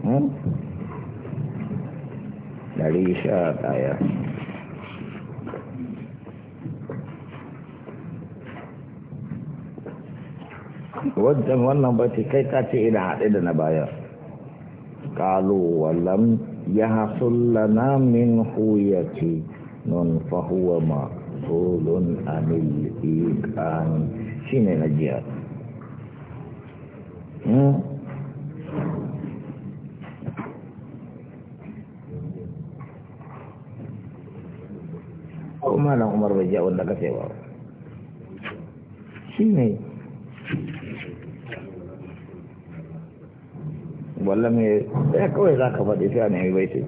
Hmm? dari sha daya wajen wannan bace kai ka ce ina haɗe da na baya ƙalu walam ya hasul lana min huyati nun fahuwa ma solon anil ikan shi ne na jiya hmm? kuma nan umar bai ja wanda kafe ba shi ne walla mai ɗaya kawai za ka faɗi fiya ne bai ce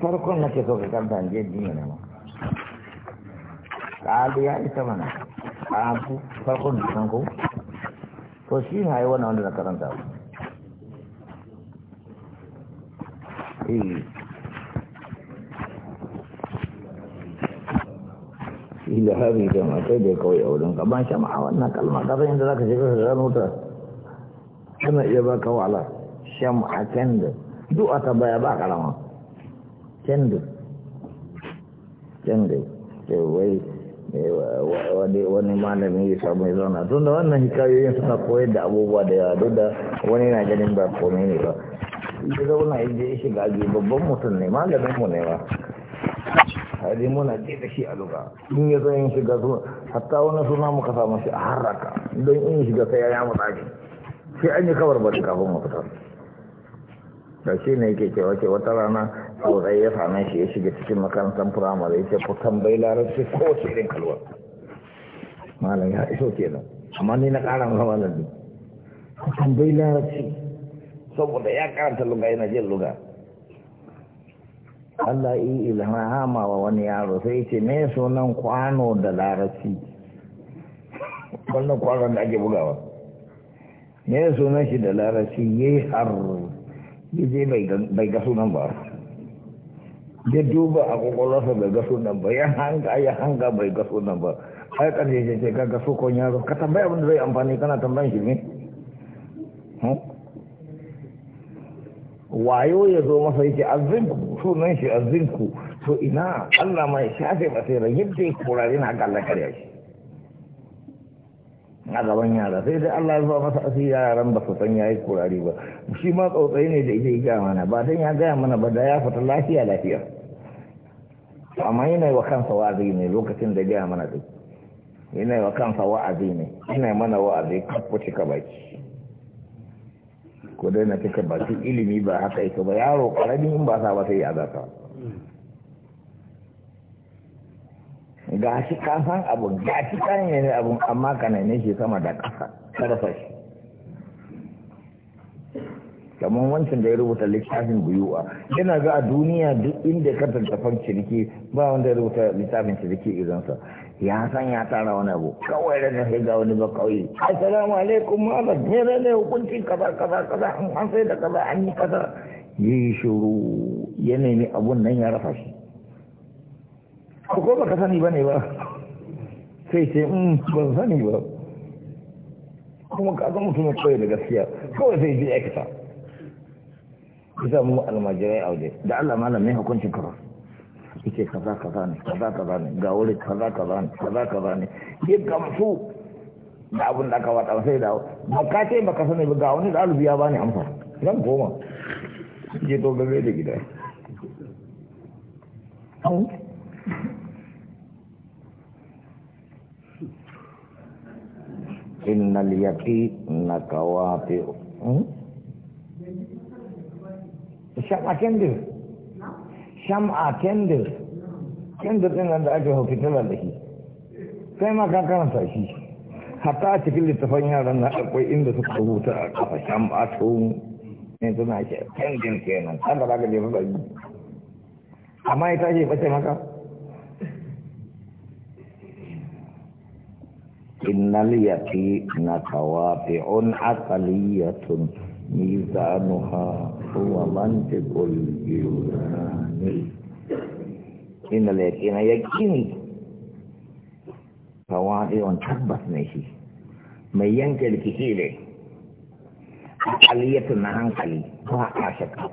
farkon na ke so ka kanta je dina ma ƙalu ya isa mana ƙalu farkon nisan ko to shi na yi wannan wanda na karanta eh ilhari da matai da kawai a wurin gaban a wannan kalma ƙasar yadda za ka shiga da ranuta tana iya ba ka wala shama'a kendir duk a tabbaya ba kalama kendir kendir ce wai wani malami ya samu ya zauna tun da wannan hikayoyin suna koyar da abubuwa da yawa duk da wani na ganin ba komai ne ba ya zauna ya je shiga aji babban mutum ne malamin mu ne ba hari muna ce da shi a luka in ya zo yin shiga su hatta wani suna muka samu shi a harraka don in shiga sai ya yamu tsaki sai an yi kawar da kafin mu fita. da shi ne yake cewa ce wata rana kore ya same shi ya shiga cikin makarantar firamare ya ce ku tambayi larabci ko wace irin kalwa malam ya iso kenan amma ni na ƙara masa malam ne ku tambayi larabci saboda ya karanta luga yana jin luga Allah yi ilhama wa wani yaro sai ce me sunan kwano da larabci wannan kwanon da ake bugawa me sunan shi da larabci yi har yaje bai ga sunan ba ya duba a kwakwalwarsa bai ga sunan ba ya hanga ya hanga bai ga sunan ba ai karshe ce ce kaga so kon yaro ka tambaya abin da zai amfani kana tambayan shi ne hm? wayo ya zo masa yake azinku sunan shi azinku to ina Allah mai shafe basira yadda ya kurare na Allah karya shi a gaban yara sai dai Allah ya masa asiri yaran ba su san yi kurare ba shi ma tsautsayi ne da ita ya gaya mana ba dan ya gaya mana ba da ya fita lafiya lafiya amma yana yi wa kansa wa'azi ne lokacin da gaya mana duk yana yi wa kansa wa'azi ne yana mana wa'azi kafa cika baki ko dai na cika baki ilimi ba haka ita ba yaro karami in ba sa ba sai ya zata ga shi ka san abu ga shi ka ne abu amma ka ne shi sama da ƙasa karfa kamar wancan da ya rubuta littafin buyuwa yana ga a duniya duk inda ka tattafan ciniki ba wanda ya rubuta littafin ciniki irinsa ya san ya tara wani abu kawai da sai ga wani ba kauye assalamu alaikum malam me ne ne hukuncin kaza kaza kaza an sai da kaza an yi kaza yi shiru ya nemi abun nan ya rafa shi ko ba ka sani bane ba sai ce in mm, sani ba kuma ka ga mutum kawai da gaskiya kawai sai ji aikata kusa mu almajirai a da Allah malam mai hukuncin karos yake kaza kaza ne kaza kaza ne ga wuri kaza kaza ne kaza kaza ne ya gamsu da abin da aka wada sai da ba ka ce baka sani ba ga wani ɗalibi ya bani amsa zan koma je to gabe da gida innal yaqi nakawafi sham'a kendir sham'a kendir kendir ɗin nan da ake hospitalar da shi sai ma ka karanta shi hatta a cikin littafan yaran na akwai inda suka rubuta a kafa sham'a tun ne suna ce kendir kenan kan da ba ka jefa bari amma ita ce bace maka innal yaqi na kawafi'un aqaliyatun mizanuha هو منطق اليوناني إن اليقين يقين فواضع تبت نشي mai yanke rikici ne aliyatun na hankali ba a shakka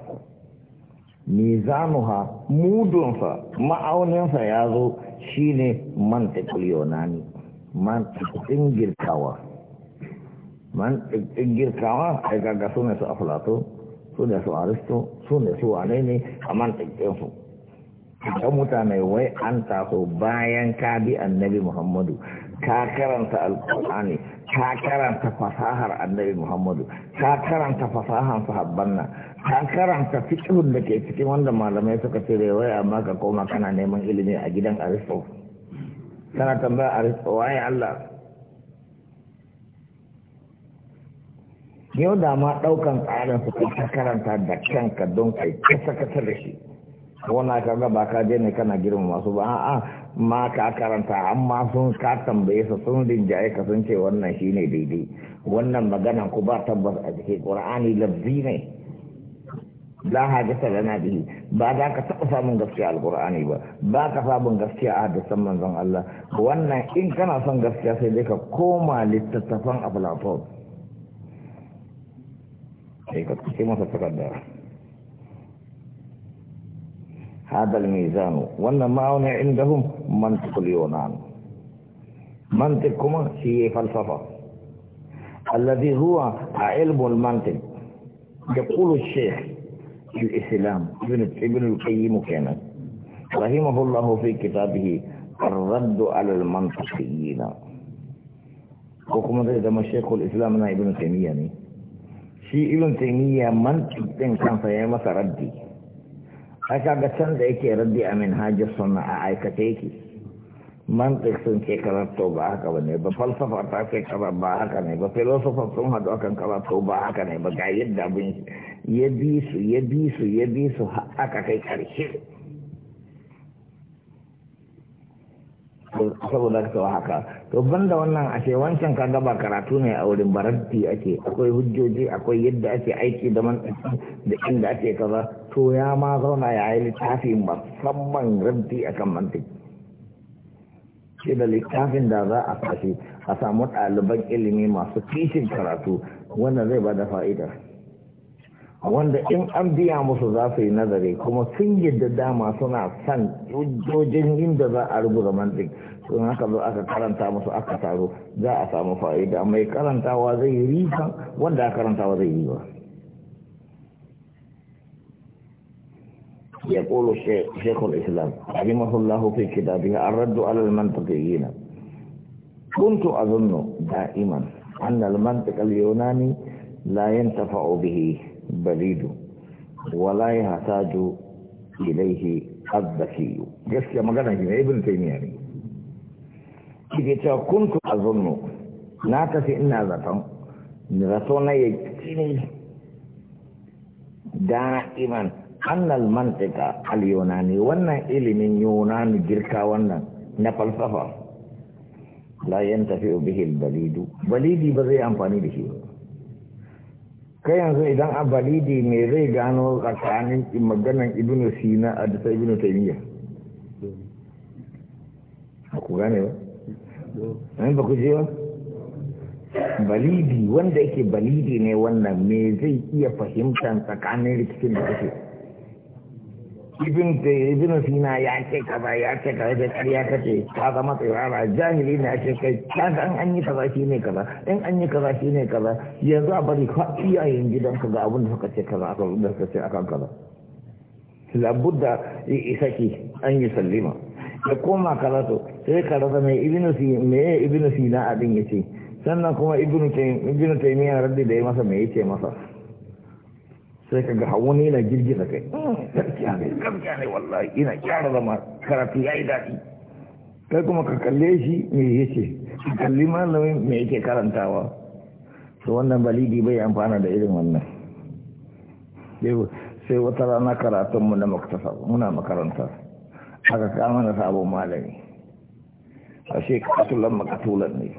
mizanuha mudunsa ma'auninsa ya zo shine mantikul yonani mantikin girkawa mantikin girkawa ai gaga su ne su aflato su ne su aristo su ne su wane ne a mutane wai an taso bayan ka bi annabi muhammadu ka karanta alkur'ani ka karanta fasahar annabi muhammadu ka karanta fasahar sahabban nan ka karanta fikihun da ke cikin wanda malamai suka ce da wai amma ka koma kana neman ilimi a gidan aristo kana tambaya aristo waye allah yau da ma ɗaukan tsarin su kai karanta da kanka don kai kasa kasa da shi wannan ka ga ka je ne kana girma masu ba a'a ma ka karanta amma sun ka tambaye su sun rinjaye ka sun ce wannan shine daidai wannan magana ku ba tabbas a cikin qur'ani lafzi ne la hajata lana bihi ba za ka taɓa samun gaskiya alqur'ani ba ba ka samun gaskiya a hadisan manzon Allah wannan in kana son gaskiya sai dai ka koma littattafan aflatun sai ka kuce هذا الميزان وانا معنا عندهم منطق اليونان منطقكم هي فلسفة الذي هو علم المنطق يقول الشيخ الإسلام ابن ابن القيم كان رحمه الله في كتابه الرد على المنطقيين وكما إذا الشيخ شيخ الإسلام ابن تيمية shi ilin taimiyya mantik ɗin kansa ya masa raddi ai kaga can da yake raddi a hajji suna a aikata yake mantik sun ce karatto ba haka ba ne ba falsafa ta ke kaza ba haka ne ba filosofa sun haɗu akan karatto ba haka ne ba ga yadda abin ya bi su ya bi su ya bi su aka kai karshe saboda saboda ka haka to banda wannan ashe wancan ka gaba karatu ne a wurin baraddi ake akwai hujjoji akwai yadda ake aiki da man da inda ake kaza to ya ma zauna ya yi littafi musamman raddi akan mantiki shi da littafin da za a fashi a samu ɗaliban ilimi masu kishin karatu wannan zai ba da fa'idar wanda in an biya musu za su yi nazari kuma sun yadda dama suna son hujjojin inda za a rubuta mantik sun haka zo aka karanta musu aka taro za a samu fa'ida mai karantawa zai yi wanda a karantawa zai yi ba ya kolo shekul islam abin mahullahu fi kida biya an raddu alal mantaka yana kuntu azunnu da'iman an annal na yunani layin tafa'o bihi balidu wala ya hataju ilaihi azzakiyu gaskiya magana shi ne ibn taymiya ne kike cewa kuntu azunnu na tafi ina zaton zato na yakini da'iman annal mantika al yunani wannan ilimin yunani girka wannan na falsafa la yantafi bihi al balidu balidi ba zai amfani da shi ba kai yanzu idan a balidi me zai gano tsakanin maganan ibn sina a da ibnu taymiya ku gane ba an ba ku je balidi wanda yake balidi ne wannan me zai iya fahimtar tsakanin rikicin da kake ibn ibn sina ya ce kaza ya ce kaza da ƙarya ce ka zama ba jahili ne ce kai kaga an an yi kaza shi ne kaza in an yi kaza shi ne kaza yanzu a bari ka iyayen ka ga abin da suka ce kaza aka da suka ce akan kaza labudda isaki an yi sallima da koma kaza to sai ka rasa mai ibin sina me ibn sina abin ce sannan kuma ibn taimiyar raddi da ya masa ya ce masa sai ka ga hawani na girgiza kai hmm, gaskiya ne gaskiya ne wallahi ina kyara zama karatu ya yi daɗi kai kuma ka kalle shi me ya ka kalli malami me yake karantawa to wannan balidi bai amfana da irin wannan sai wata rana karatun mu na maktasa muna makaranta aka kama na sabon malami a shekatulan makatulan ne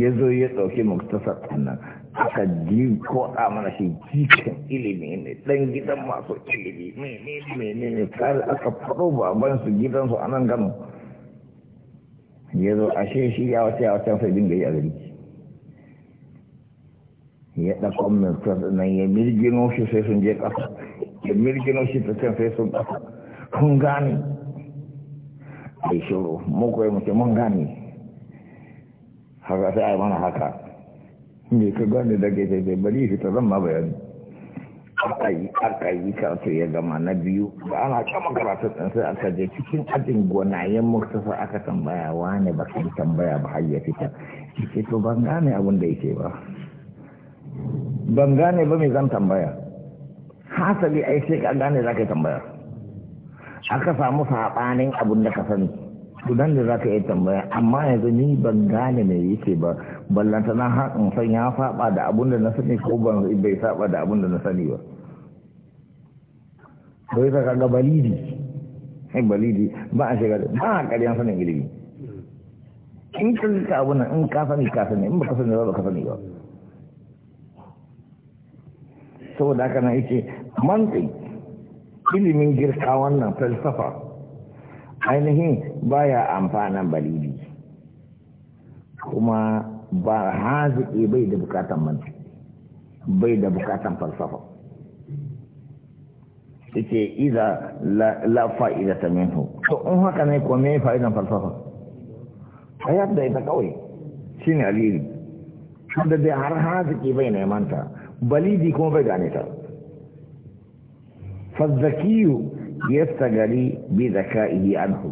ya zo ya ɗauki maktasar nan aka ji ko a mana shi jikin ilimi ne dan gidan masu ilimi menene ne kare aka faɗo baban su gidan a nan gano ya zo a shi ya wata ya wata sai dinga yi a gari ya ɗaƙon mai nan ya mirgino shi sai sun je ƙasa ya mirgino shi ta can sai sun ƙasa kun gane a yi shiru mun koyi mutum mun gane haka sai a yi mana haka me ka gane da ke daidai bari shi zan zama bayani aka yi aka yi karatu ya gama na biyu da ana kama karatun ɗin sai aka je cikin ajin gonayen murtasa aka tambaya wane ba ka tambaya ba har ya fita ce to ban gane abin da yake ba ban gane ba me zan tambaya hasali ai sai ka gane za ka tambaya aka samu saɓanin abin da ka sani tunan da za ka tambaya amma yanzu ni ban gane me yake ba ballanta na har in san ya saba da abun da na sani ko ban bai saba da abun da na sani ba to yasa kaga balidi ai balidi ba a shiga ba a ƙaryan sanin ilimi in ka rika abun nan in ka sani ka sani in ba ka sani ba ba ka sani ba saboda haka na yake mantin ilimin girka wannan falsafa ainihin baya amfanan balibi kuma ba haziki bai da bukatan mantu bai da bukatan falsafa yake iza la iza ta minhu to in haka ne ko me fa'idan falsafa hayar da ita kawai shine aliri da dai har haziki bai neman ta balibi kuma bai gane ta fazzakiyu gari bi zaka'ihi anhu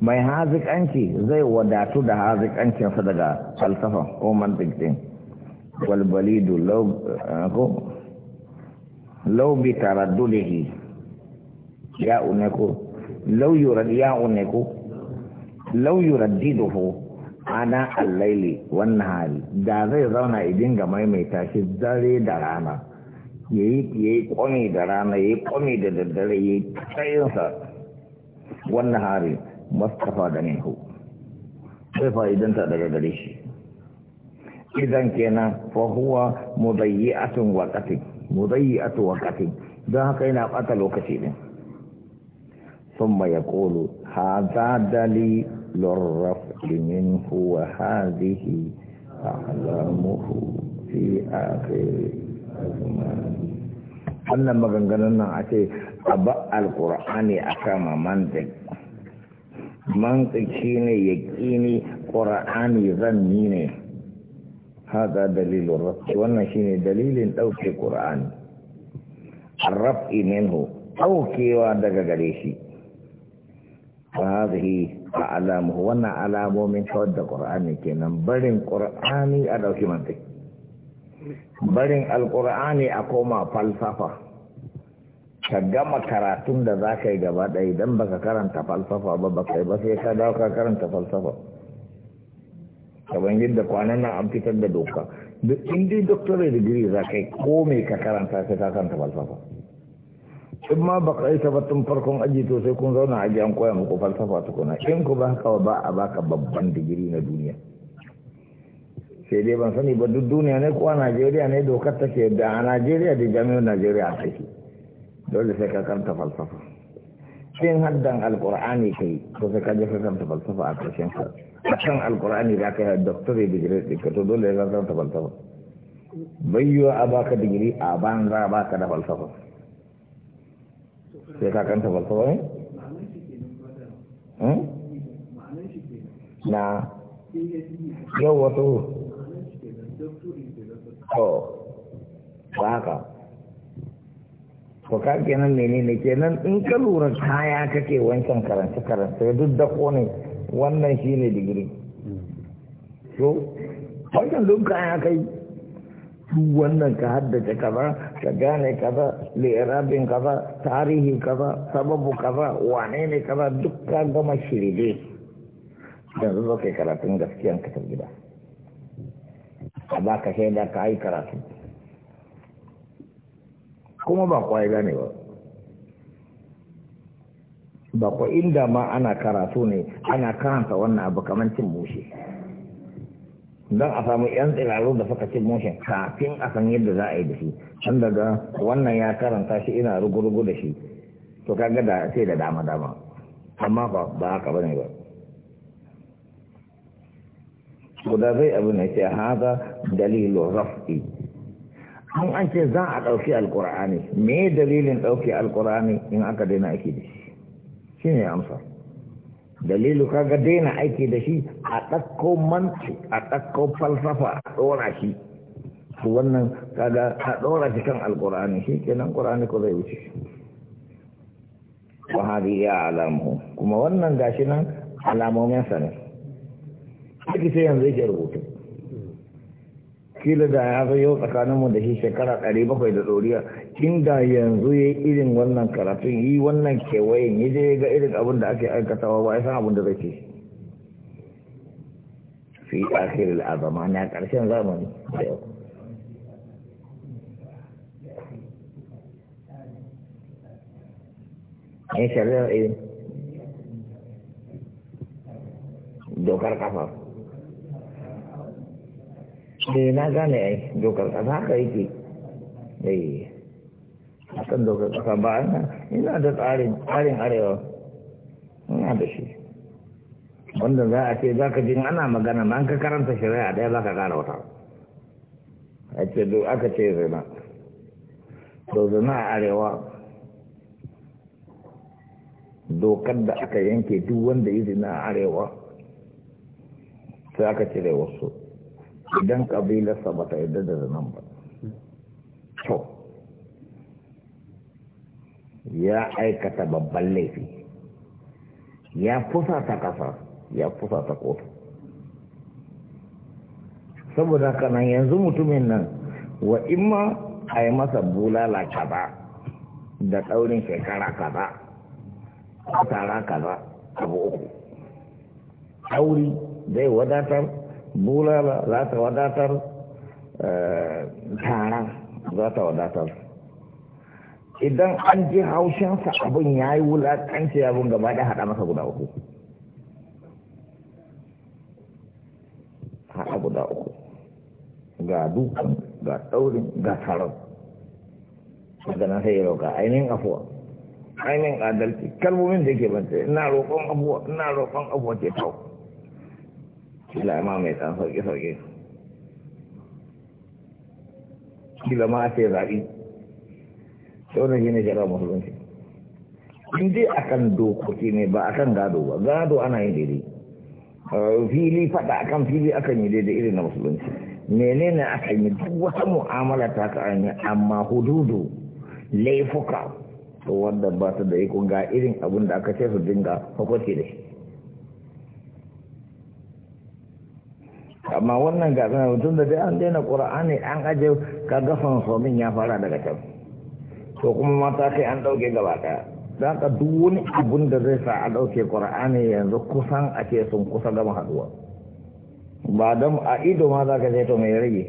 mai hazikanci zai wadatu da hazikancinsa daga falsafa ko mantik din walbalidu lau bi taraddudihi ya uneku lau yurad ya yuraddiduhu ana allaili wannan hali da zai zauna idin ga maimaita shi dare da rana ya yi kwami da rana ya yi kwami da daddare ya yi tsayinsa wannan hari mustafa da nihu. sai fa'idanta daga gare shi idan kenan fa huwa mudayyi'atun waqatin atun wakati don haka yana bata lokaci din thumma yaqulu hadha dali lirraf'i minhu wa hadhihi a'lamuhu fi akhirih wannan maganganun nan a ce a ba alkur'ani a kama mantik mantik shi ne ya ƙini ƙura'ani zanni ne haka dalilin rafi wannan shi ne dalilin ɗauke ƙura'ani rafi ho ɗaukewa daga gare shi ba hazihi a alamu wannan alamomin kawar da ƙura'ani kenan barin ƙura'ani a ɗauki mantik barin alkur'ani a koma falsafa ka gama karatun da za ka yi gaba ɗaya idan baka karanta falsafa ba baka yi ba sai ka dawo ka karanta falsafa kaban yadda kwanan nan an fitar da doka duk dai doctorate degree za ka yi ko me ka karanta sai ka karanta falsafa in ma baka yi tun farkon aji to sai kun zauna aji an koya muku falsafa tukuna in ku ba ka ba a baka babban digiri na duniya sai dai ban sani ba duk duniya ne kuwa najeriya ne dokar take da a najeriya da jami'ar najeriya a take dole sai ka karanta falsafa cikin haddan alkur'ani kai ko sai ka je ka karanta falsafa a ƙarshen ka a kan alkur'ani za ka yi doctorate degree ɗin ka to dole ya karanta falsafa bai yi wa a baka digiri a ban za banza baka da falsafa sai ka karanta falsafa ne? Hmm? na yau wato to ba haka to ka kenan menene kenan in ka lura kaya kake wancan karance karance duk da kone wannan shine digiri to wancan duk kaya kai su wannan ka haddace kaza ka gane kaza lerabin kaza tarihi kaza sababu kaza wane ne kaza duk ka gama shirye yanzu zo kai karatun gaskiyan ka gida a za ka shaida ka yi karatu kuma ba kwaye gane ba ba ku inda ma ana karatu ne ana karanta wannan abu kamar cin mushe don a samu 'yan tsiraru da suka cin mushe kafin a san yadda za a yi da shi can daga wannan ya karanta shi ina rugurugu da shi to kaga da sai da dama dama amma ba haka bane ba guda zai abu ne ce haza dalilin rafi an an ce za a ɗauki alkur'ani me dalilin ɗauki alkur'ani in aka daina aiki da shi shi ne amsa dalilu kaga daina aiki da shi a ɗakko manci a ɗakko falsafa a ɗora shi wannan kaga a ɗora shi kan alkur'ani shi kenan ƙur'ani ko zai wuce wa hadi ya alamu kuma wannan gashi nan alamomin sa ne haka sai yanzu yake rubutu kila da ya zo yau tsakaninmu da shi shekara ɗari bakwai da ɗoriya inda yanzu ya yi irin wannan karatun yi wannan kewayen ya je ga irin abin da ake aikatawa ba ya san abin da zai ce fi akhiril azama na ƙarshen zamani da yau shari'ar irin eh. dokar kafa eh na gane ai dokar kasa haka yake eh akan dokar kasa ba ina da tsarin tsarin arewa ina da shi wanda za a ce za ka jin ana magana ma an ka karanta shari'a ɗaya za ka gane wata a ce duk aka ce zina to zina a arewa dokar da aka yanke duk wanda yi zina a arewa sai aka cire wasu idan ƙabilarsa ba ta yadda da nan ba to ya aikata babban laifi ya fusa ta ƙasa ya fusa ta kotu saboda haka nan yanzu mutumin nan wa imma a yi masa bulala kaza da ɗaurin shekara kaza tara kaza abu uku ɗauri zai wadatar bulala za ta wadatar eh, tara za ta wadatar idan an ji haushinsa abin ya yi wulaƙanci abin gaba da haɗa masa guda uku haɗa guda uku ga dukan ga ɗaurin ga taron daga nan sai ya roƙa ainihin afuwa ainihin adalci kalmomin da yake bance ina roƙon abuwa ina roƙon abuwa ke kawo kila mai ɗan sauƙi-sauƙi kila ma ce zaɓi sauran shi ne shara musulunci in dai akan dokoki ne ba akan gado ba gado ana yin daidai uh, fili fada akan fili akan yi daidai irin na musulunci menene aka yi duk wata mu'amala ta ka an yi amma hududu laifuka to wanda ba ta da ikon ga irin abunda da aka ce su dinga hukunci da amma wannan ga sanar mutum da dai an daina ƙura'ani an aje ka gafan somin ya fara daga can to kuma mata kai an ɗauke gaba ɗaya za ka duk wani abun da zai sa a ɗauke ƙura'ani yanzu kusan a ce sun kusa gama haɗuwa ba don a ido ma za ka ce to mai rage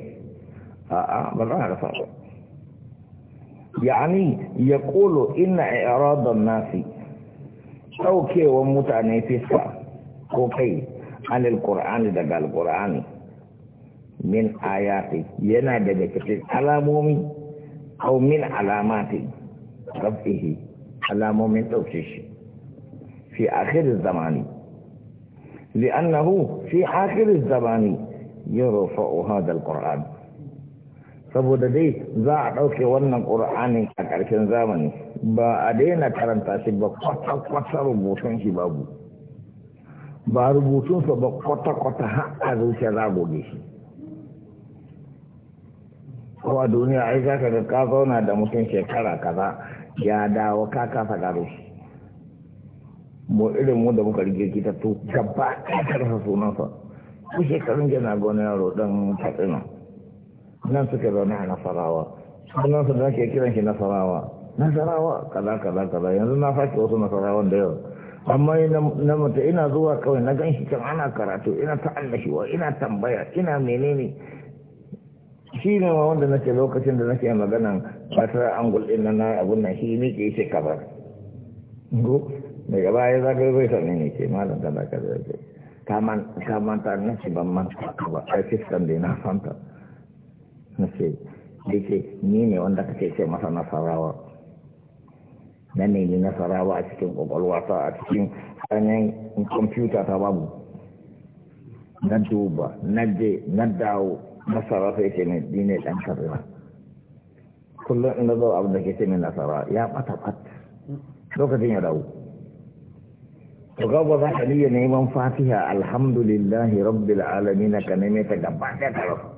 a'a ba za ka rasa ba ya يقول إن إعراض nasi ɗaukewan mutane fiska ko kai anil qur'ani daga alqur'ani min ayati yana daga cikin alamomi aw min alamati rabbihi alamomin dauke shi fi akhir zamani li'annahu fi akhir zamani yurfa'u hadha alqur'an saboda dai za a ɗauke wannan ƙur'anin a ƙarshen zamani ba a daina karanta shi ba kwata-kwata rubutun shi babu ba rubutunsa ba kwata-kwata har a zuciya za goge shi ko a duniya ai za ka ga ka zauna da mutum shekara kaza ya dawo ka kasa gado shi mu irin mu da muka rige kita to gaba ɗaya karfa sunansa ku shekarun jana gona yaro dan katsina nan suke zaune a nasarawa sunansa da ake kiran shi nasarawa nasarawa kaza kaza kaza yanzu na fashe wasu nasarawan da yau amma na mata ina zuwa kawai na ganshi can ana karatu ina ta annashiwa ina tambaya ina menene shi ne ma wanda nake lokacin da nake maganan fatar angul din na abun nan shi ne ke ce kabar go daga baya za ka zai sami ne ke malam da ka zai ce kaman kaman ta nace ban man ka ba ce san da na fanta nace ce ni ne wanda kake ce masa nasarawa na nemi nasarawa a cikin ta a cikin hanyar kwamfuta ta babu na duba na je na dawo nasara sai ce ne dine ɗan karra kullum in zo abin da ke ce ne nasara ya ɓata ɓata lokacin ya dawo to ga ba za ka liya neman fatiha alhamdulillahi rabbil alamin ka neme ta gaba da rafa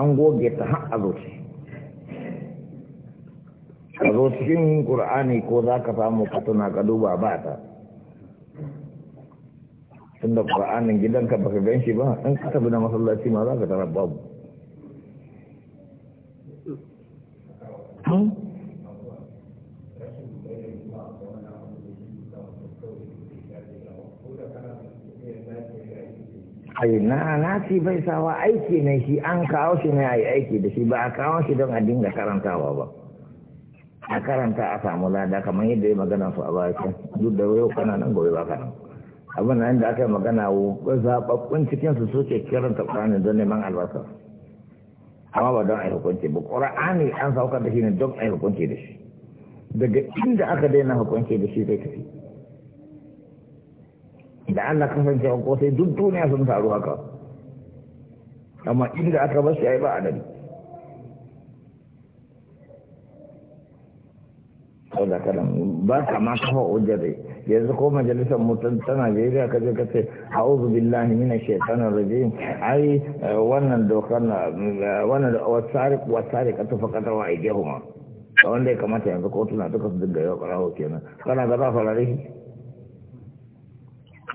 an goge ta har a ka zo cikin ƙur'ani ko za ka samu ka tuna ka duba ba ta tun da ƙur'anin gidanka ba ka gan ba in ka na masallaci ma za ka tara babu hmm? ai na na ci bai sawa aiki ne shi an kawo shi ne a aiki da shi ba a kawo shi don a dinga karantawa ba a karanta a samu lada kamar yadda ya magana su a baya duk da yau kana nan gobe ba kana abin nan da aka yi magana wo zababbun cikin su suke karanta Qur'ani don neman albasa amma ba don ai hukunci ba Qur'ani an saukar da shi ne don ai hukunci da shi daga inda aka daina hukunci da shi zai tafi da Allah kasancewa ko sai duk duniya sun taru haka amma inda aka bar shi ai ba adadi ko da kanan ba ta ma kafa ujjare yanzu ko majalisar mutum ta Najeriya ka je ka ce a'udhu billahi minash shaitanir rajim ai wannan dokar na wannan wasari ka ta kata wa aijehuma wanda ya kamata yanzu kotuna duka su dinga yau ƙarawo kenan kana ga za farare shi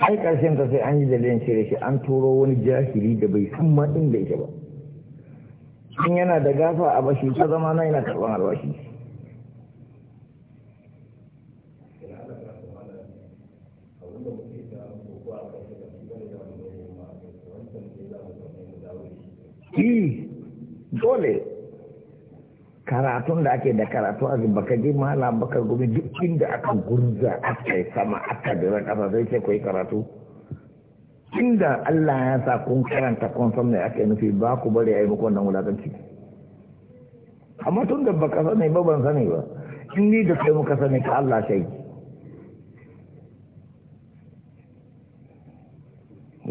ai karshen ta sai an yi dalilin shirya shi an turo wani jahili da bai san ma inda yake ba in yana da gafa a bashi ta zama na yana karɓar albashi yi hmm. dole karatun da ake da karatu a baka ji malam baka gumi duk inda aka gurza aka yi sama aka dira kasa sai ce kai karatu inda Allah ya sa kun karanta kun san me ake nufi ba ku bari a yi muku wannan wulakanci amma tun da baka sani ba ban sani ba in ni da kai muka sani ka Allah shai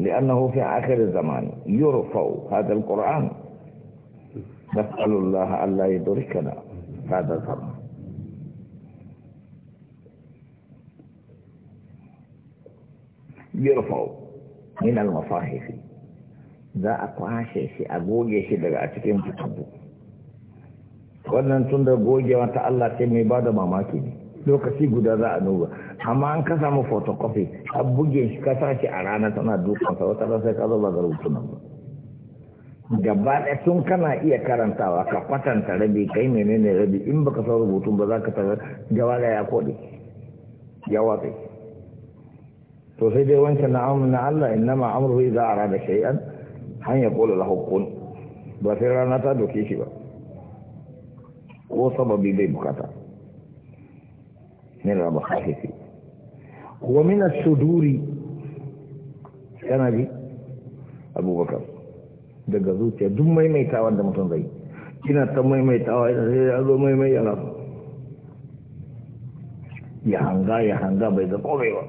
لأنه في آخر الزمان يرفع هذا القرآن نسأل الله ألا يدركنا هذا الزمان يرفع من المصاحف za a kwashe a goge shi daga a cikin kitabu wannan tun da gogewa ta Allah sai mai ba da mamaki ne lokaci guda za a duba. amma an ka samu photocopy a buge shi ka sa shi a rana tana sa wata sai ka zo ba ga rubutunan ba gaba ɗaya tun kana iya karantawa ka kwatanta rabi kai menene rabi in baka san rubutun ba za ka tarar gaba ya koɗe ya watsa to sai dai wancan na amur na Allah innama amru idza arada shay'an han yaqulu lahu kun ba sai rana ta doke shi ba ko sababi bai bukata ne na ba hafifi wa min suduri kana bi abubakar daga zuciya duk maimaitawa da mutum zai kina ta maimaitawa zai ya zo maimai yana ya hanga ya hanga bai ga komai ba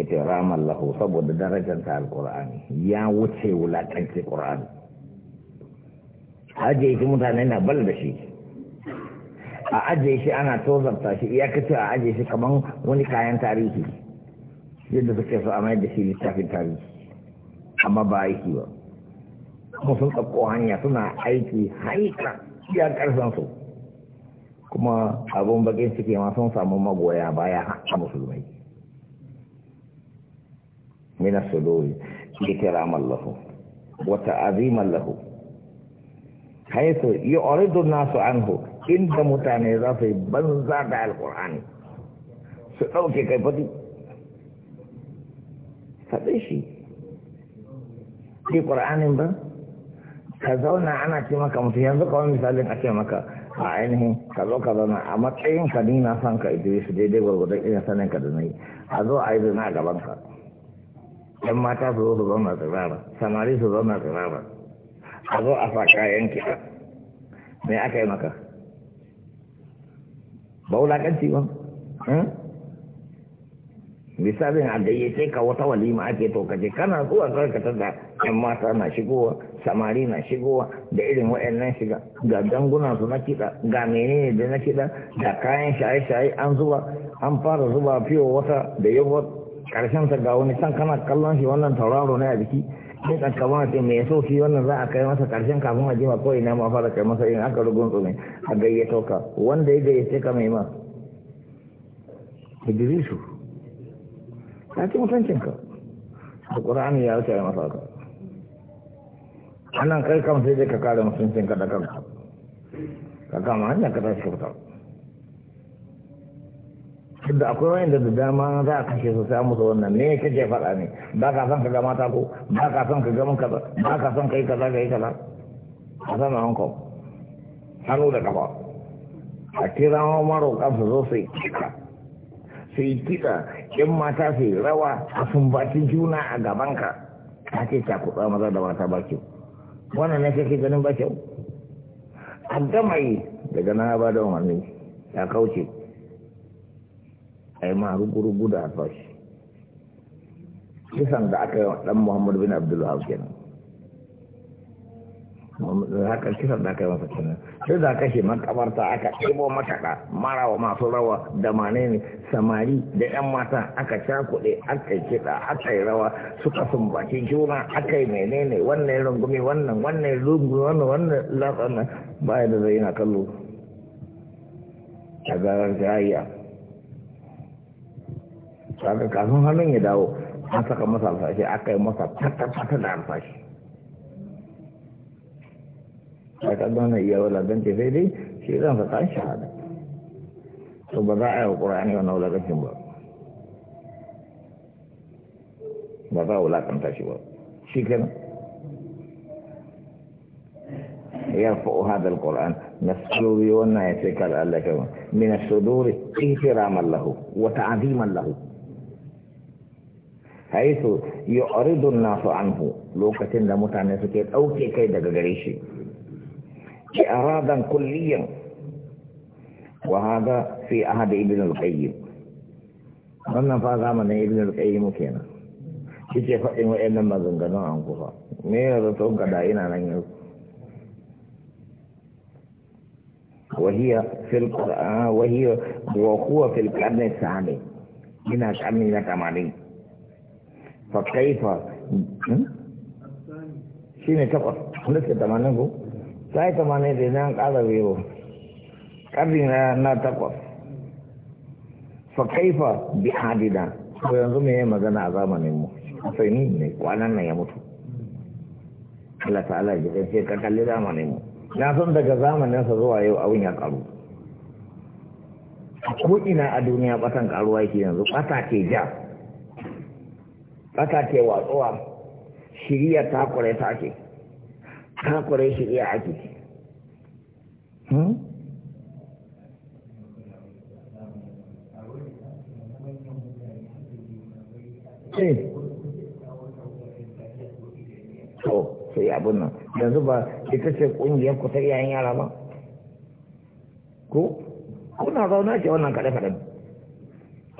ya ce ramar lahu saboda darajanta alkur'ani ya wuce wulatanci ƙur'ani hajji yake mutane na bal da shi a ajiye shi ana tozarta shi iyakaci a ajiye shi kamar wani kayan tarihi yadda suke so a mai da shi littafin tarihi amma ba aiki ba kuma sun ɗauko hanya suna aiki haika iya ƙarfansu kuma abun bakin suke ma sun samu magoya baya a musulmai من الصدور اكراما له وتعظيما له حيث يعرض الناس عنه inda mutane za su yi banza da alkur'ani su ɗauke kai fadi faɗi shi ke ƙur'anin ba ka zauna ana ce maka mutum yanzu kawai misalin a ce maka a ainihin ka zo ka zauna a matsayin ka ni na son ka idris daidai gwargwadon irin sanin ka da na yi a zo a yi zina a gaban ka yan mata su zo su zauna tsirara samari su zauna tsirara a zo a sa kayan kiɗa me aka yi maka ba wulaƙanci ba misalin hmm? a gayyace ka wata walima ake to je kana zuwa karkatar da yan mata na shigowa samari na shigowa da irin waɗannan shiga ga danguna su na kiɗa ga menene da na kiɗa da kayan shaye-shaye an zuba an fara zuba fiye wata da yawar karshen ta ga wani san kana kallon shi wannan tauraro ne a jiki sai ka kama ce mai yaso shi wannan za a kai masa karshen kafin a jima ko ina ma fara kai masa in aka rugun tsumi a gayyato ka wanda ya gayyace ka mai ma idrisu ta ce mutuncin ka da ƙura'an ya wuce masa ka anan kai kam sai dai ka kare mutuncin ka da kanka ka kama hanyar ka tashi ka tunda akwai wani da dama za a kashe su sai musu wannan me kake faɗa ne ba ka son ka ga mata ko ba ka son ka ga mun kaza ba ka son kai kaza kai kaza a sama hanko hannu da kafa a kira maro kansu zo su yi kika su yi kika in mata su yi rawa a bakin juna a ka ta ce ta kuɗa maza da mata ba kyau wannan ne kake ganin ba kyau a gama yi daga na ba da umarni ya kauce a yi ma rugu da harfashi kisan da aka yi wa ɗan muhammad bin abdullahi kenan haka kisan da aka yi masa kenan sai da aka kashe makabarta aka ɗebo mataɗa marawa masu rawa da manene samari da yan mata aka cakuɗe aka yi kiɗa aka yi rawa suka sumbaci juna aka yi menene wannan rungumi wannan wannan rungumi wannan wannan latsanan baya da zai na kallo a zarar jayya saka kafin hannun ya dawo an saka masa alfashi aka yi masa fata-fata da alfashi a ƙaddon na iya wulaganci sai dai shi zan sa shahada to ba za a yi wa ƙura'ani wannan wulagancin ba ba za a wulaganta shi ba shi kenan يرفع ya القرآن نسأله يوانا يتكال الله كمان من الصدور lahu wata وتعظيما lahu. حيث يعرض الناس عنه لوكتين لموت عن نفسكيت أو كي كي دقريشي إعرادا كليا وهذا في أحد ابن القيم من فاز من ابن القيم كينا كي فاين وين ما زنغنا عنكوها مير رتون كداينا لنجو وهي في القرآن وهي وهو في القرآن الثاني منها أشعر من كمالين fa kaifa shi ne takwas wanda ke tamanin ku ta بيو tamanin da تقر ƙara بحادنا ƙarfi na takwas fa kaifa bi hadina ko yanzu me magana a zamanin mu sai kwanan nan ya mutu Allah ta'ala ji sai ka kalli daga zamanin zuwa yau ya ko ina a duniya batan karuwa yake yanzu kasa ke ja aka ce tsuwa shiriya ta kure ta ake ta kure shiriya ake ce hmm? eh. to sai abin nan yanzu ba ita ce kungiyar ku ta iyayen yara ba ko kuna zauna ce wannan kaɗe-kaɗe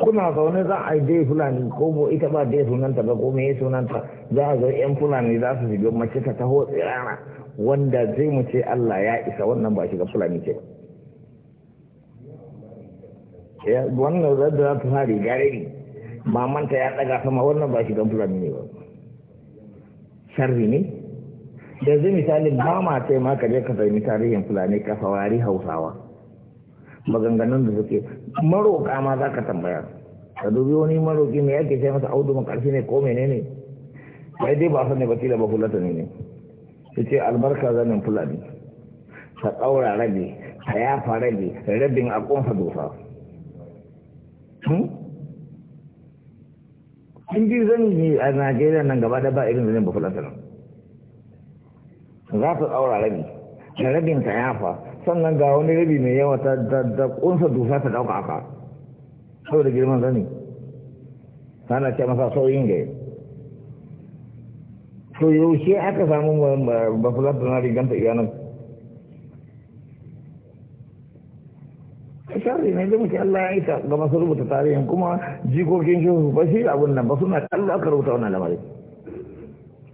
kuna zaune za a dai fulani ko bo ita ba dai sunanta ba ko me sunanta za a zo yan fulani za su shiga mace ta taho tsirana wanda zai mu ce Allah ya isa wannan ba shiga fulani ce ba wannan da za ta fara gare ni mamanta ya daga sama wannan ba shiga fulani ne ba sharri ne da zai misalin ba ma ce ma ka je ka fahimci tarihin fulani ka fawari hausawa maganganun da suke maroƙa ma za ka tambaya ka dubi wani maroƙi mai yake sai masa audu makarfi ne ko mene ne bai dai ba sani ba kila ba fulata ne ne ya ce albarka zanen fulani ta ƙaura rabi ta yafa rabi rabin a ƙunfa dosa in hmm? ji zan yi a najeriya nan gaba da ba irin zanen ba fulata nan za ta ƙaura rabi da rabin ta yafa sannan ga wani rabi mai yawa ta da kunsa dusa ta dauka aka da girman zani sana ce masa sauyin gaya to yaushe aka samu bafulat da na riganta iyanar tarihi ne zama muke Allah ya aika ga masu rubuta tarihin kuma jikokin shi ba shi abin nan ba suna kallon aka rubuta wannan lamarin.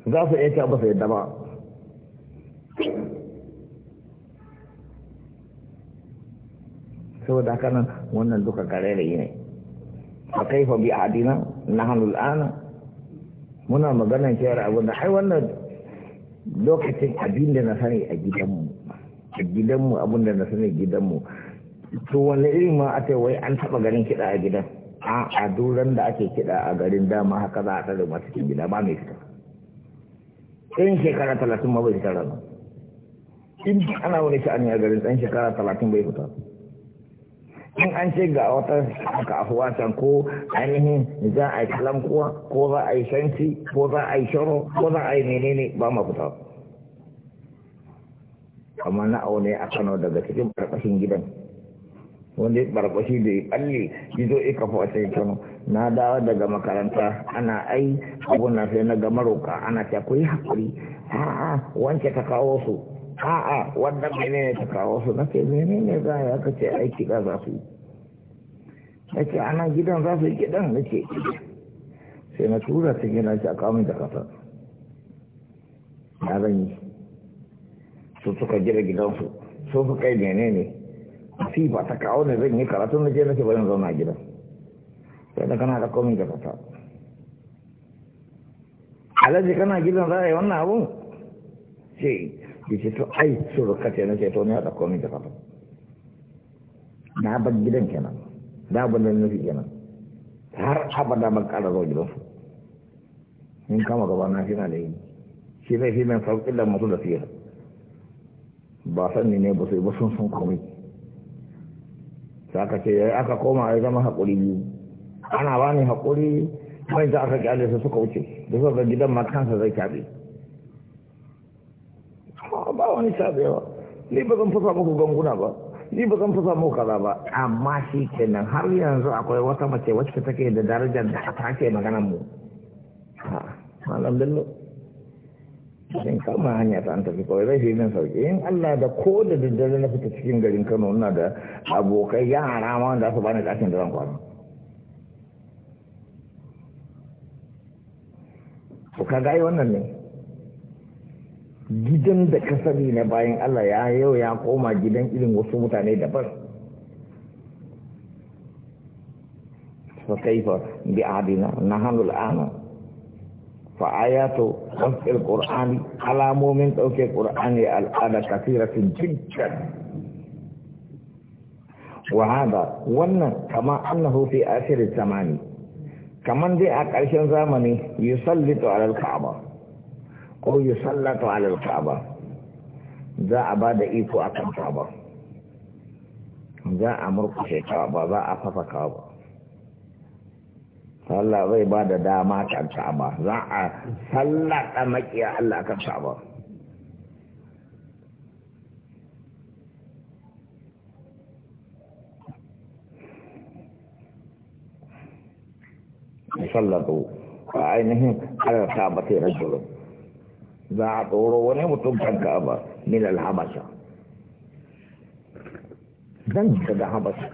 za su iya ba su yadda ba saboda haka nan wannan duka karerayi ne fa kaifa bi adina nahnu al'ana muna magana kyara abu da hai wannan lokacin abin da na sani a gidanmu a gidanmu abin da na sani gidanmu to wani irin ma a wai an taba garin kiɗa a gidan a a duran da ake kiɗa a garin dama haka za a tsare masu cikin gida ba mai fita ɗan shekara talatin ma bai fita rana in ana wani sha'ani a garin ɗan shekara talatin bai fita in an ce ga wata kafuwa can ko ainihin za a yi kalankuwa ko za a yi shanti ko za a yi shoro ko za a yi menene ba ma fita amma na aune a kano daga cikin barbashin gidan wanda ya barbashi da ya kalli gizo ya kafa wata ya kano na dawo daga makaranta ana ai abu sai na ga maroka ana ta ku a'a wanke ta kawo su a'a wannan mene ne ta kawo su na ce mene ne za ya ka ce aiki ba za su yi na ce ana gidan za su yi gidan na ce sai na tura ta gina shi a kamun da kasa na zan yi su suka gina gidansu su su kai mene ne fi ba ta kawo ne zan yi karatun na ce na ce bari zauna gida sai da kana da komin da kasa alaji kana gidan za a yi wannan abun ce yace to ai surukka ce nake to ne a dauko min jaka na ban gidan kenan da ban nan nufi kenan har abada ban kara zo gidan su in kama gaba na shi na da yi shi zai fi min sauƙin da masu da siyar ba sanni ne ba su ba sun sun komai saka ce yayi aka koma ya zama haƙuri biyu ana ba ni haƙuri wanda aka kyale su suka wuce da suka ga gidan ma kansa zai kyabe wani shabewa ni ba zan fasa muku ganguna ba ni ba zan fasa muku kaza ba amma shi kenan har yanzu akwai wata mace wacce take da darajar da ta ke magana mu malam bello in kama hanya ta an tafi kawai zai fi min sauki in Allah da ko da daddare na fita cikin garin Kano ina da abokai yara ma da su bani ɗakin da zan kwana to ka gaya wannan ne gidan da ka sani na bayan Allah ya yau ya koma gidan irin wasu mutane daban fa kaifa bi adina hannu al'ana fa to wasu qur'ani alamomin ɗauke qur'ani al'ada kafin jiddan wa hada wannan kama annahu a shirin zamani kaman dai a ƙarshen zamani yusallitu ala al ba. ko yi sallatu alal ka'aba za a ba da iko a kan ka'aba za a murkushe ka'aba za a fafa ka'aba Allah zai ba da dama kan ka'aba za a sallata makiya Allah kan ka'aba sallatu a ainihin alal ka'aba sai rajulun بعد ورونه متوقع كابا من الحبشة دنج كده حبشة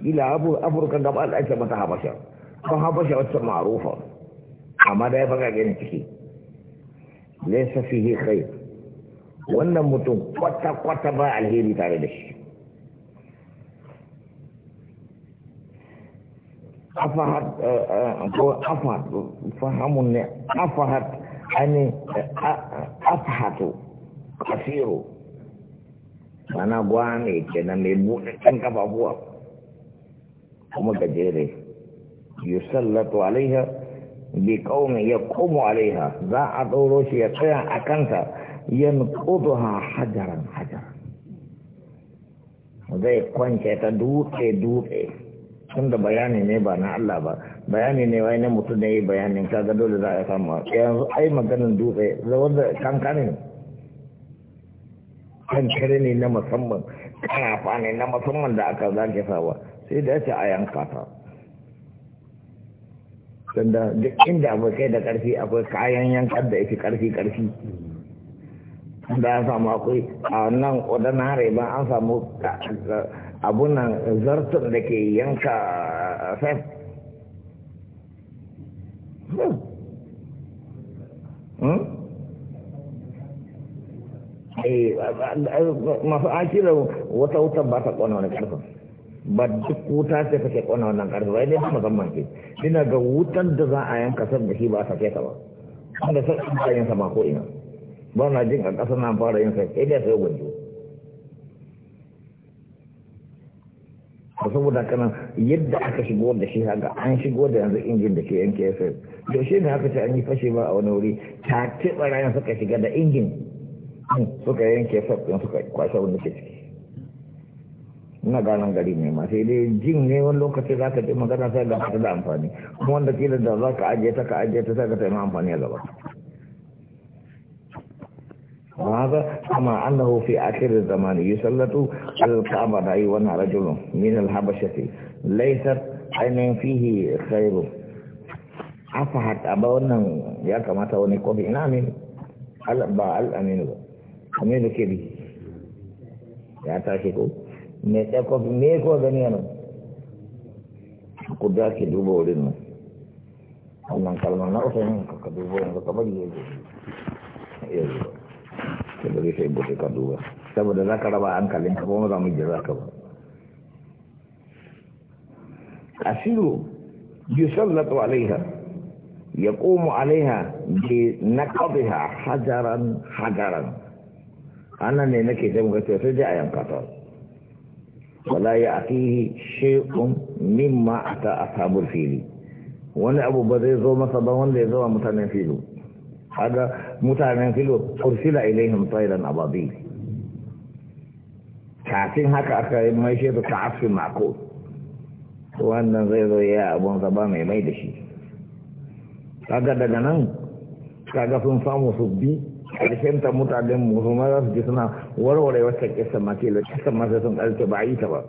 إلى أبو أبو كان دبأ الأجل متى حبشة فحبشة أجل معروفة أما ده يبقى جنتكي ليس فيه خير وأن متوقع قطة قطة باع الهيري تاردش أفهد فهمني أفهد, أفهد. أفهد. ani afhatu kafiru mana gwani kenan mai buɗaɗɗen kafafuwa kuma gajere yusallatu alaiha bi ya komo alaiha za a ɗauro shi ya tsaya a kanta yanquduha hajaran hajaran zai kwance ta dutse dutse tunda bayani ne ba na Allah ba bayani ne wai ne mutum ne yi bayanin kaga dole za a samu yanzu ai maganin dutse wanda kankanin kankare ne na musamman karafa ne na musamman da aka zage sawa sai da yace a yanka ta sanda duk inda abokai da karfi akwai kayan yankar da yake karfi karfi da an samu akwai a nan odana ba an samu abunan nan zartun da ke yanka fef masu akira wata wutar ba ta kona wani karfin ba duk wuta ce take kona wannan karfin ba dai musamman ce dina ga wutan da za a yanka sar da shi ba ta kai ta ba wanda sai an bayan sa ma ko ina ba na jin a ƙasa na fara yin sai sai dai sai gwanjo saboda kana yadda aka shigo da shi haka an shigo da yanzu injin da ke yanke ya sai yaushe ne haka ce an yi fashe ba a wani wuri ta taɓa rayan suka shiga da injin suka yanke sabbin suka kwashe wanda ke ciki ina ganin gari ne ma sai dai jin ne wani lokaci za ka ji magana sai ga da amfani kuma wanda kila da za ka ajiye ta ka ajiye ta sai ka taimaka amfani a gaba وهذا كما أنه في آخر الزمان يسلط الكعبة أيوان رجل من الحبشة ليس أين فيه خير أفحت أبونا يا كما توني قبي نامي ألبا الأمين أمين كبي يا تاشيكو ميتاكو ميكو غنيانو قدرك دوبو ولنو wannan kalmar na uku yin ka dubo yanzu ka sai bari sai bude ka duba saboda za ka raba hankalin ka kuma za mu gira ka ba a ya yusallatu alaiha komo alaiha kabe ha hajaran hajaran ana ne nake da muka ce sai dai ayan ka ta wala ya'tihi shekun mimma a ashabul fili wani abu ba zai zo masa ba wanda ya zo a mutanen fili kaga mutanen filo ursila ilaihim tayran ababil kafin haka aka yi mai shi ta afi mako wannan zai zo ya abun ba mai mai da shi kaga daga nan kaga sun samu su bi karshen ta mutanen musulman za su ji suna warware wata kisa mace da kisa mace sun karfe ba yi ta ba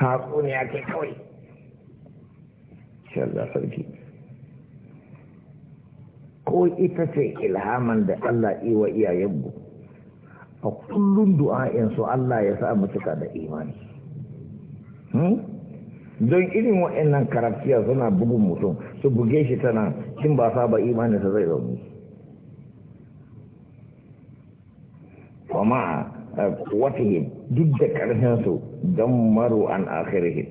saƙo ne ake kai kawai shi Allah sarki ko ita ce ilhaman da Allah iwa iyayenmu a kullum su Allah ya sa mu cika da imani hmm? don irin wa'annan karafiya suna bugun mutum su buge shi tana cin ba saba ba sa zai zaune kuma kuwatihim duk da karfinsu don maru an akhirihim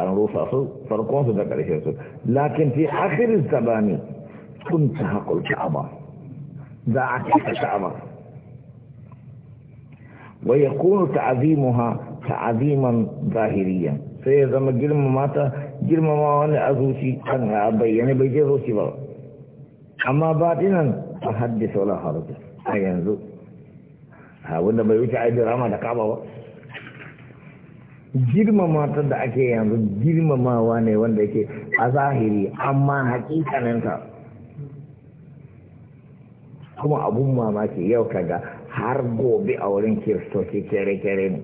an rusa su farkonsu da karfinsu lakin fi akhirin sabani kunta haƙon ka'aba za a kika ka'aba wai ya kunu ta'azimu ha ta'aziman zahiriya sai ya zama girmama ta girmama wani azuci kan ya bayyana bai je zoci ba amma ba dinan a haddisa wani haruka a yanzu wanda bai wuce a yi da kaba ba girmama da ake yanzu girmamawa ne wanda yake a zahiri amma haƙiƙanin ta kuma abun mamaki yau kaga har gobe a wurin kiristoci kere-kere ne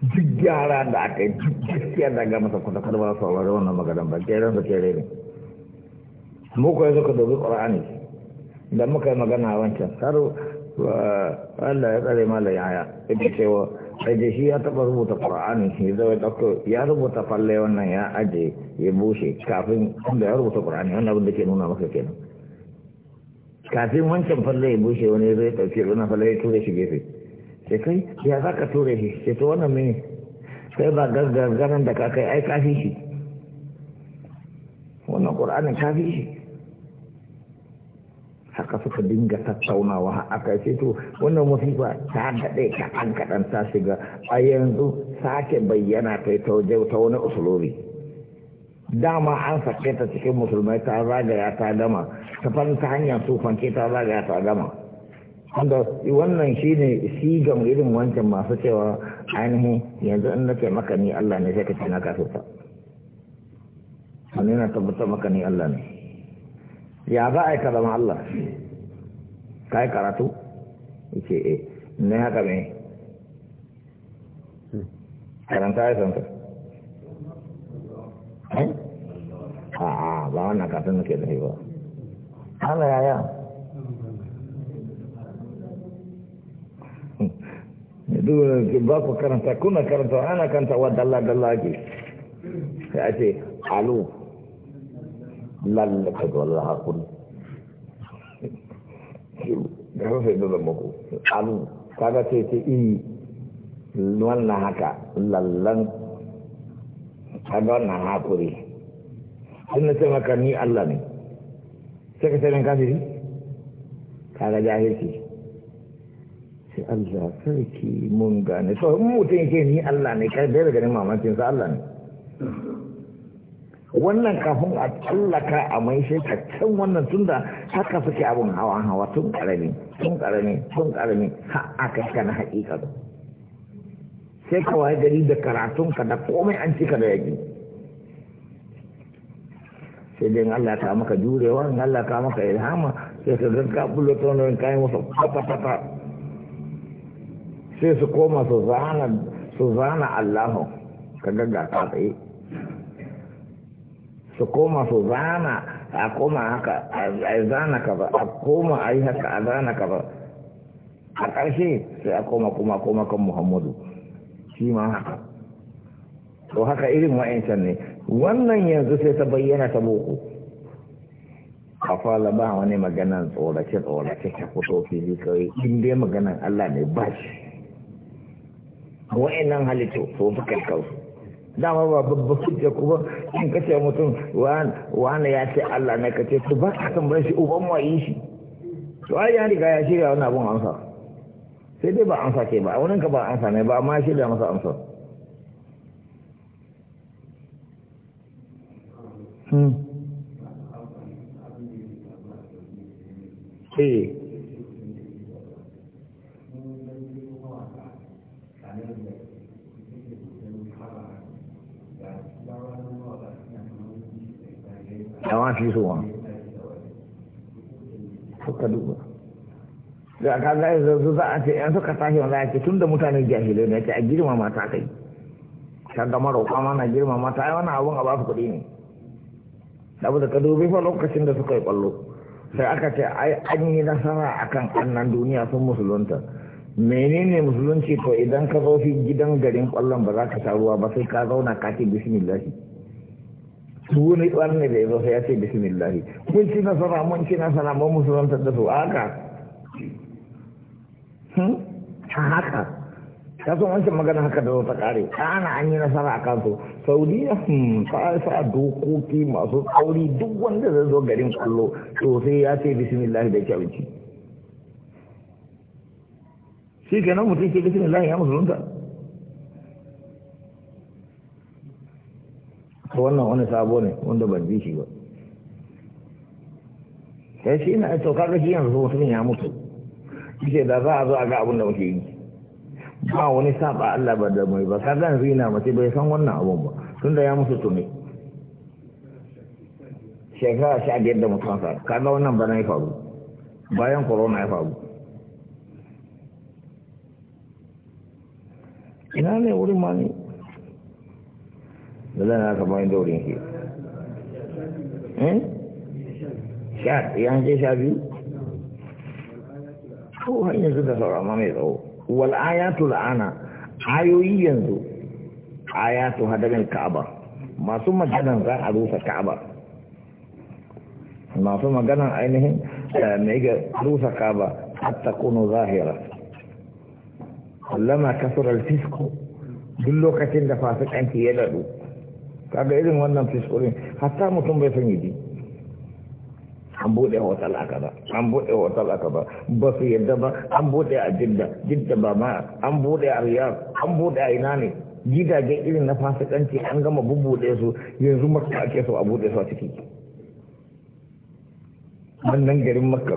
duk gyara da aka yi duk gaskiya da ga masa kusa kada ba su saurari wannan magana ba keren su kere ne mu kuwa suka dobi ƙur'ani da muka yi magana wancan har wanda uh, ya tsare mala yaya ita cewa da shi ya taɓa rubuta ƙur'ani ya zai ɗauko ya rubuta falle wannan ya aje ya bushe kafin da ya rubuta ƙur'ani wannan abin da ke nuna maka kenan kafin wancan falle ya bushe wani zai ɗauke runa falle ya ture shi gefe sai kai ya za ka ture shi sai to wannan mene sai ba gargaran da ka kai ai kafi shi wannan ƙur'anin kafi shi haka suka dinga tattaunawa a ƙarshe to wannan musifa ta daɗe ka an kaɗan ta shiga a yanzu sake bayyana ta ta waje ta wani usulobi dama an sake ta cikin musulmai ta zagaya ta gama ta fanta hanya tufan ke ta zaga ta gama wanda wannan shi ne sigan irin wancan masu cewa ainihin yanzu in nake maka ni Allah ne sai ka ce na kasu ta wani na tabbata maka ni Allah ne ya za a yi ka zama Allah ka yi karatu ce eh ne haka mai karanta ya santa eh? ba wannan kafin nake da ba hana yayan ba ku karanta kuna karanta ana karanta wa dalla dalla ke sai a ce alu lallaka da wallah hakuri da rufe da zama ku alu kaga ce ce eh, iri wannan haka lallan kaga wannan hakuri sun na ce maka ni Allah ne sai ka kafiri kaga jahilci sai Allah sarki mun gane to in mutum yake ni Allah ne kai bai ganin mamakin sa Allah ne wannan kafin a tsallaka a mai sai ka can wannan da haka suke abin hawa hawa tun karami tun karami tun karami ha aka na hakika sai ka waye gari da karatunka da komai an cika da yaki sai dai Allah ta maka jurewa in Allah ta maka ilhama sai ka ga ka bullo ta wani kayan musu kwata-kwata sai su koma su zana su zana Allahu, ka ga ga ta tsaye su koma su zana a koma haka a zana ka ba a koma a yi haka a zana ka ba a ƙarshe sai a koma kuma koma kan Muhammadu shi ma haka to haka irin wa'ancan ne wannan yanzu sai ta bayyana ta boko kafala ba wani maganan tsorace tsorace ta fito fili kawai in dai maganan Allah ne ba shi nan halittu su fi su dama ba babba hujja kuma in ka ce mutum wani ya ce Allah ne ka ce to ba ka tambayar shi uban yi shi to ai ya riga ya shirya wani abun amsa sai dai ba amsa ke ba a wurinka ka ba amsa ne ba amma ya shirya masa amsa Hmm. eh fi suwa suka duba da ka za a ce yan suka tashi wanda ake tun da jahilai ne a girmama ta kai ta gama roƙa mana girmama wani abun a ba su kuɗi ne saboda ka dubi fa lokacin da suka yi kwallo sai aka ce ai an yi nasara akan annan duniya sun musulunta menene musulunci to idan ka zo fi gidan garin kwallon ba za ka sha ruwa ba sai ka zauna ka ce bismillah su wani ne da ya zo sai ya ce bismillah mun ci nasara mun ci nasara mun musulunta da su haka hmm? haka ka san wancan magana haka da ta kare ana an yi nasara a kansu saudiya ta hmm, sa dokoki masu tsauri duk wanda zai zo garin kullo to sai ya ce bismillah da kyauci shi nan mutum ke bismillah ya musulunta wannan wani sabo ne wanda ban ji shi ba sai shi ina to da shi yanzu mutumin ya mutu shi da za a zo a ga abin da muke yi ba wani saba Allah ba da mai ba ka yanzu rina mace bai san wannan abun ba tunda ya musu tuni shekara sha a da mutum ka ga wannan bana ya faru bayan corona ya faru ina ne wurin ma ne da zan haka bayan daurin ke eh? sha yan je sha biyu ko hanyar su sauran mamaye mai tsawo wal ayatul ana ayoyi yanzu ayatu hadarin ka'aba masu maganan za a rusa ka'aba masu maganan ainihin eh, mai ga rusa ka'aba hatta kunu zahira kullama kasura fisko duk lokacin da fasikanci ya dadu kaga irin wannan fisko ne hatta mutum bai san yi an buɗe hotel aka ba an buɗe hotel aka ba ba su yadda ba an buɗe a jidda jidda ba ma an buɗe a riyar an buɗe a ina ne gidaje irin na fasikanci an gama bubbuɗe su yanzu makka ake so a buɗe su a ciki wannan garin makka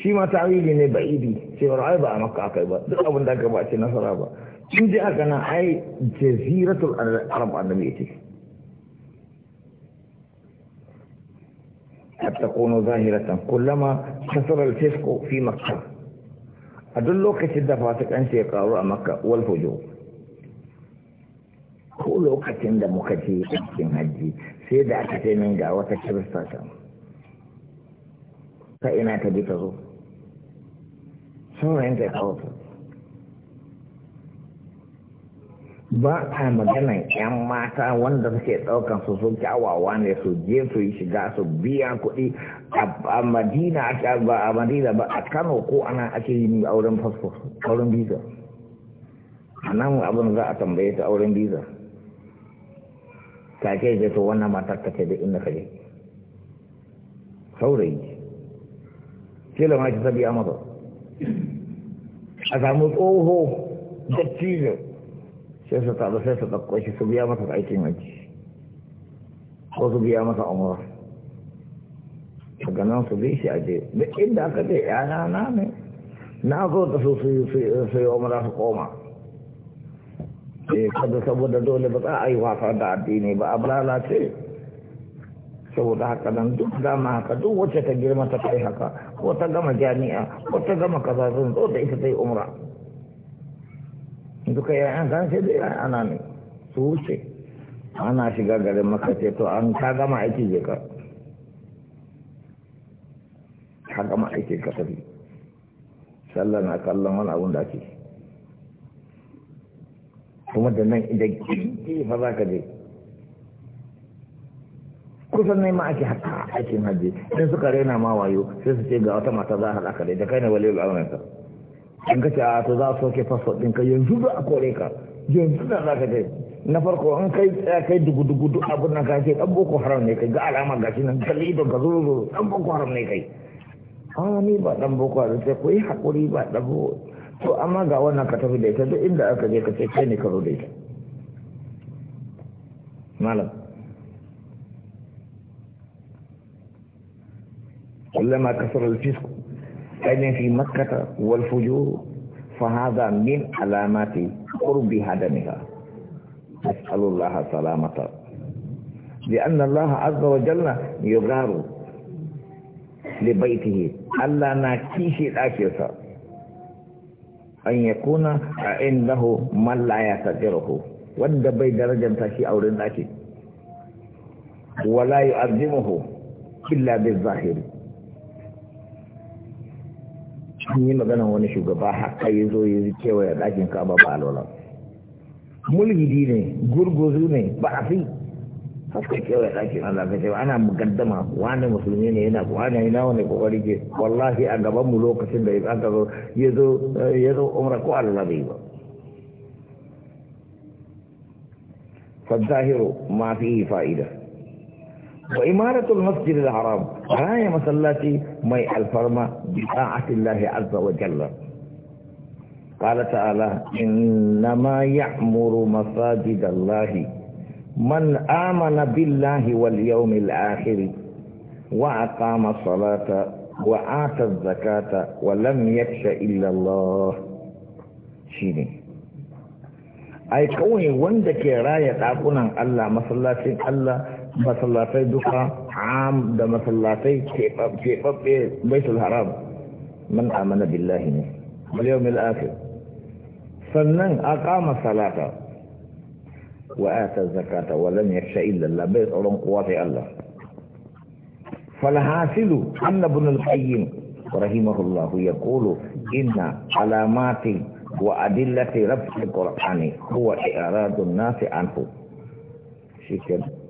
shi ma tarihi ne ba idi cewar ai ba a makka aka ba duk abin da aka ba ce nasara ba in ji aka na ai jaziratul arab annabi ya ce قد تكون ظاهرة كلما كثر الفسق في مكة أدلو كتد فاتك أن سيقاروا مكة والفجور ko lokacin da muka je aikin hajji sai da aka ce min wata kirista can ina ta ta kawo ba a maganan yan mata wanda suke ɗaukan su su kyawawa ne su je su yi shiga su biya kuɗi a madina ba a madina ba a kano ko ana ake yi auren fasfo auren biza a nan abin za a tambaye ta auren biza ta ke je to wannan matar ta ce da inda ka je saurayi ke ma ki a mata a samu tsoho dattijo sai su taru sai su ɗauko shi su biya masa aikin waje ko su biya masa umar daga nan su bi shi aje da inda aka ce yana na ne na zo da su su yi umar su koma eh kada saboda dole ba za a yi wasa da addini ba a lalace saboda haka nan duk dama haka duk wacce ta girma ta kai haka ko ta gama jami'a ko ta gama kaza zan zo da ita ta yi umra duka an san sai da ana ne su wuce ana shiga garin maka ce to an ka gama aiki je ka ka gama aiki ka tafi sallah na kallon wani abun da ake kuma da nan idan kiri fa za ka je kusan ne ma ake haka aikin hajji sai suka rena ma wayo sai su ce ga wata mata za a haɗa ka da kai ne waliyul aurenka an ka ce a ah, to za a soke fasfot ka yanzu za a kore ka yanzu da za ka ce na farko an kai tsaya kai dugu-dugu duk abin na ka ce ɗan boko haram ne kai ga alama shi nan kalli idon ka zuru ɗan boko haram ne kai a ah, ni ba ɗan boko haram sai ku yi haƙuri ba ɗan boko to amma ga wannan ka tafi da ita duk inda aka je ka ce kai ne ka zo da ita malam kullama kasar alfisku كان في مكة والفجور فهذا من علامات قرب هدمها نسأل الله سلامة لأن الله عز وجل يغار لبيته ألا ناكيش الآكسة أن يكون عنده من لا يستطيعه wanda bai درجة shi أو wurin ولا يؤذمه إلا بالظاهر an yi magana wani shugaba haka ya zo ya kewaye ɗakin kaba ba alwala mulhidi ne gurguzu ne ba a fi haka kewaye ɗakin Allah ka cewa ana mugaddama wani musulmi ne yana wani yana wani kokari ke wallahi a gaban mu lokacin da aka zo ya zo ya zo umra ko Allah bai ba fadahiru ma fihi fa'ida wa imaratul masjidil haram raya masallaci mai alfarma bi ta'atillahi azza wa jalla qala ta'ala innama ya'muru masajidallahi man amana billahi wal yawmil akhir wa aqama salata wa ata zakata wa lam yakhsha illa Allah shine ai kawai wanda ke raya dakunan Allah masallacin Allah مسلاتي دوكا عام دا مسلاتي كيفاب في بيت الحرام من آمن بالله من اليوم الآخر سنن أقام صلاة وآت الزكاة ولن يخشى إلا الله بيت أولون قوات الله فالحاصل أن ابن القيم رحمه الله يقول إن علامات وأدلة رب القرآن هو إعراض الناس عنه شكرا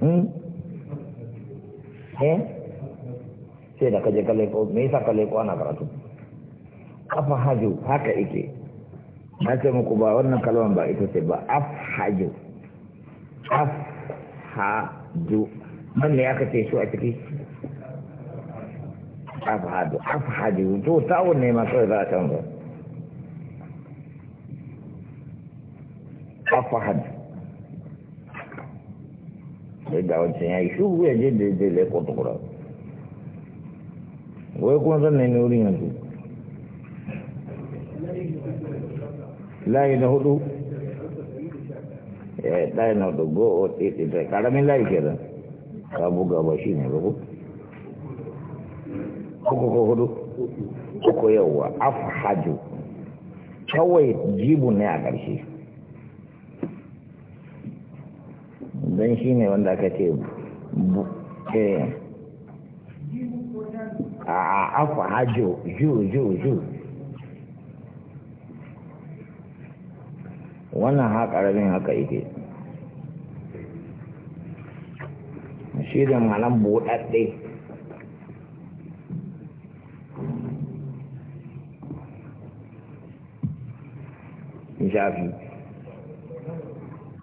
Hmm? eh sai da kaje kalle ko me yasa kalle ko ana karatu afa haju haka yake na ce muku ba wannan kalman ba ita ce ba af haju af haju man ne aka ce su a ciki af haju af haju to tawon ne ma kawai za a canza af haju sai ga wancan ya yi shugu ya je da zai zai kwanta kura wai kuma yanzu layi na hudu ya yi layi na o titi ta karamin layi ke zan ka buga ba shi ne rubu uku ko afhaju kawai jibu ne a ƙarshe don shi ne wanda aka ce eh. a afa hajo ju ju ju wannan ha ƙaramin haka yake shi da malam buɗaɗɗe shafi